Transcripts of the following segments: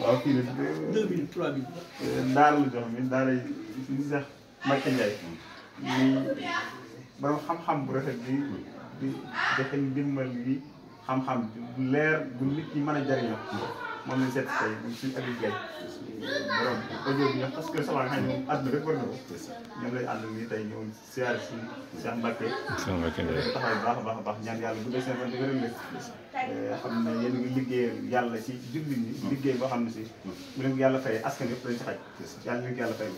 waaw kii la deux mille trois mille eh, la jox mi daara yi sax Mbacke Ndiaye ñi borom xam-xam bu rafet bi di joxe ndimbal gi xam-xam bu leer bu nit ñi mën a jariñoo moom lañ seet tey suñu Habib Gaye keroog audio bi parce que Soxna Aliou moom àdduna rek war na ko. ñu ngi lay àndal nii tey ñëw siyaare si seen Mbàkke. seen Mbàkke taxaw baax a baax a baax ñaan yàlla bu dee seen fan dëgëral leen. xam ne yéen ngi liggéey yàlla ci jullit ñi. liggéey boo xam ne si. bu leen yàlla fay askan yëpp dañ ci xaj. yàlla nañu ko yàlla fay.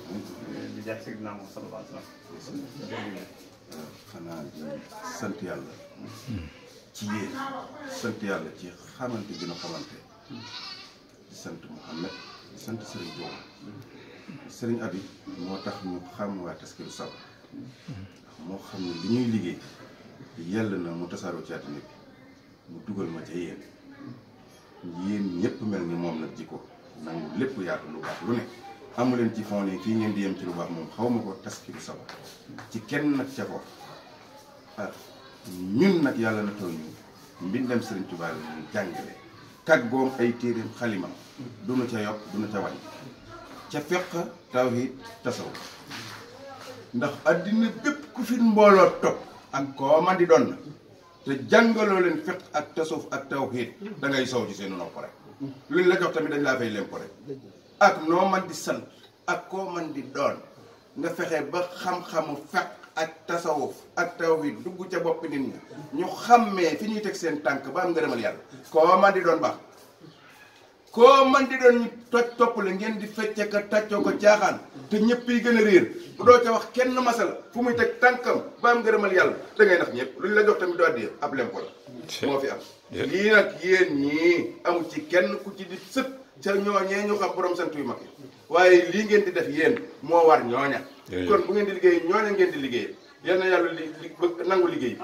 di jàpp si ginnaaw moom sallallahu alayhi wa sallam. xanaa di sant yàlla. ci yéen sant yàlla ci xamante bi nu xamante. di sant Mouhamed. sant sëriñ boobu sëriñ abi moo tax ñu xam waa taskiru sab moo xam ne li ñuy liggéey yàlla na mu tasaaroo ci àddina bi mu dugal ma ca yéen yéen ñëpp mel ni moom nag jikko nangu lépp yaatu lu baax lu ne amu leen ci fond ne fii ngeen di yem ci lu baax moom xaw ma ko taskiru sab ci kenn nag ca ko ah nag yàlla na taw ñu mbindam sëriñ Tuubaa la jàngale taggoom ay téeréem xalima duna ca yokk duna ca wàññi ca fiq tawhid tasawuf ndax àddina bépp ku fi mbooloo topp ak koo man di doon na te jàngaloo leen fiq ak tasawuf ak tawhid da ngay sow ci seenu nopp rek luñ la jox tamit dañ laa fay leen rek ak noo man di sant ak koo man di doon nga fexe ba xam-xamu fekk ak tasawuf ak tawhid dugg ca bopp nit ñi ñu xàmmee fi ñuy teg seen tànk ba am ngërëmal yàlla koo man di doon baax koo man di doon toj topp la ngeen di fecce ko tàccoo ko jaaxaan te ñëpp yi gën a réer bu doo ca wax kenn masal fu muy teg tànkam ba am ngërëmal yàlla da ngay nax ñëpp lu ñu la jox tamit doo addi ab lempo la moo fi am lii nag yéen ñii amu ci kenn ku ci di sëpp ca ñoo ñee ñu xam borom sant yu waaye lii ngeen di def yéen moo war ñooña kon bu ngeen di liggéey ñooña ngeen di liggéey yal na yàlla li li bëgg nangu liggéey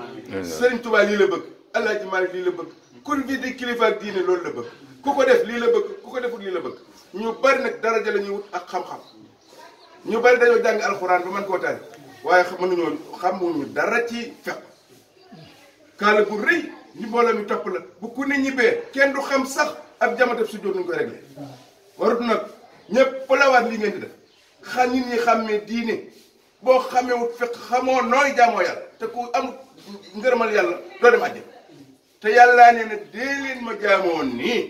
Serigne Touba lii la bëgg a Maalik lii la bëgg kun fi di kilifa diine loolu la bëgg ku ko def lii la bëgg ku ko defut lii la bëgg ñu bari nag daraja la ñuy wut ak xam-xam ñu bari dañoo jàng alxuraan ba man koo tari waaye xam mënuñoo xamuñu dara ci fekk kaala gu rëy ñu mbooloo mi topp la bu ku ne ñibbee kenn du xam sax ak jamono su jot nañu koy réglé warut nag ñëpp la war li ngeen di def xam nit ñi xàmmee diine boo xamewut fekk xamoo nooy jaamoo yàlla te ku am ngërëmal yàlla doo dem àjjana te yàllaa ne nag dee leen ma jaamoo nii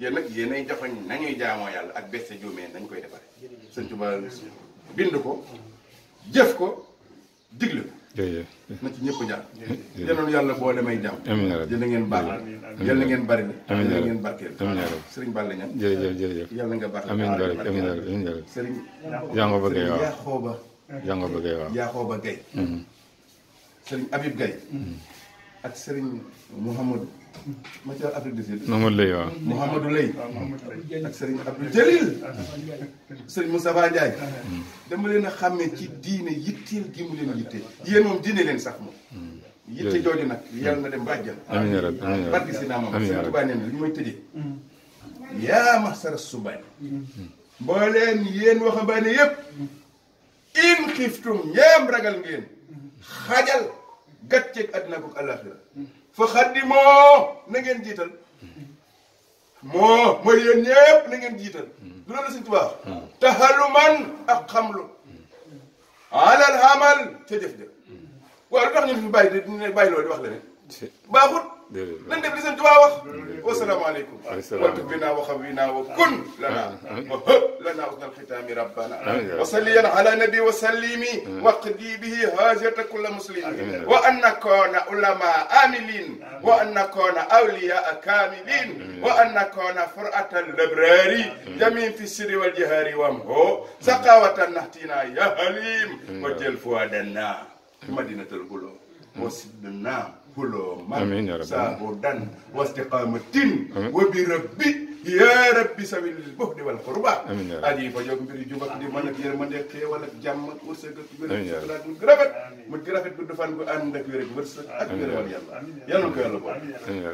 yéen nag yéenay jafañ nañuy jaamoo yàlla ak bese juumee nañ koy defaree. sëñ Tuba bind ko jëf ko digle jërëjëf na ci ñëpp jàpp. jërëjëf yàlla boo demee jàmm. amiin yaa rabbi jënd ngeen baax la jënd ngeen bari la jënd ngeen barkeel. amiin yaa rabbi sëriñ Balla ñaan. jërëjëf jërëjëf yàlla nga baax. amiin yaa rabbi amiin yaa rabbi amiin yaa rabbi. sëriñ Yango Ba Gueye waaw Yaxooba. Yango Ba Gueye waaw Yaxooba Gueye. Mm-hmm. sëriñ Habib Gueye. Mm-hmm. ak Serigne Mouhamadou. ma ca Afrique du Sud. Mouhamadou Lay waaw. Mouhamadou Lay. Ah, ak Serigne Abdou Jalil. Serigne Moustapha Ndiaye. Hmm. dama leen a xàmmee ci diine yitteel gi mu leen yitteel yéen moom diine leen sax moom. Hmm. yitte jooju nag yàlla na dem bàjjal. amiin yaa rabbi amiin na li ñu may tëjee. Hmm. yaa mahsara mbooleen yéen waxambaane yëpp. in xiftum ñeem ragal ngeen. xajal. gàcceeg àddina ko àllaaxira fa xaddi moo na ngeen jiital moo mooy yéen ñëpp na ngeen jiital du loolu Sëñ Tuubaa hmm. taxaluman ak xamlu alal amal ca jëf jëf waaw lu tax ñu fi bàyyi di bàyyi loolu di wax leneen li Sëñ Tuubaa aleykum watub bi naa wa xaw wi naa wa kun lanaa ah, ah, ah. wa hë lanaa usna alxitaami rabbana wasalliyan ala nabi wa sallimi waqdi bihi haajata kulla muslimin wa an nakoona ulama amilin wa an nakoona awliyaa kaamilin wa an nakoona furata labrari jamin fi sirri wal jahari wam ho saqawatan nahtina ya halim wa jël fuwadanna madinatul gulo wa siddanna amin la rabbi sabudan wastiqamatin wa bi rabbi yaa rabbi sawil buhdi wal qurba aji fa jóg mbiri jub ak di mën ak yërmande ak xéewal ak jàmm ak wërsëg ak wér ak mu rafet mu rafet gudd fan gu ànd ak wér ak wërsëg ak wér wal yàlla yàlla ko yàlla boole